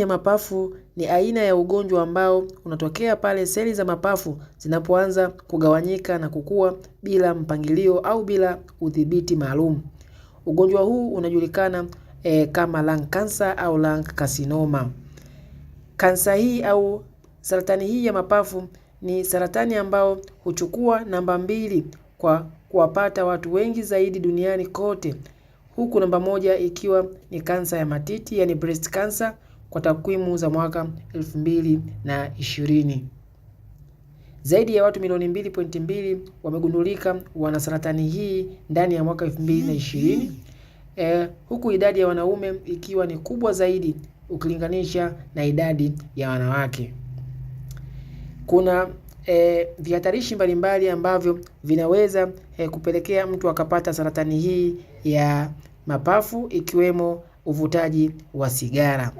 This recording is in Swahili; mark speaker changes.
Speaker 1: ya mapafu ni aina ya ugonjwa ambao unatokea pale seli za mapafu zinapoanza kugawanyika na kukua bila mpangilio au bila udhibiti maalum. Ugonjwa huu unajulikana e, kama lung cancer au lung carcinoma. Kansa hii au saratani hii ya mapafu ni saratani ambao huchukua namba mbili kwa kuwapata watu wengi zaidi duniani kote, huku namba moja ikiwa ni kansa ya matiti, yani breast cancer kwa takwimu za mwaka 2020. Zaidi ya watu milioni 2.2 wamegundulika wana saratani hii ndani ya mwaka 2020. E, eh, huku idadi ya wanaume ikiwa ni kubwa zaidi ukilinganisha na idadi ya wanawake. Kuna e, vihatarishi mbalimbali ambavyo vinaweza e, kupelekea mtu akapata saratani hii ya mapafu ikiwemo uvutaji wa sigara.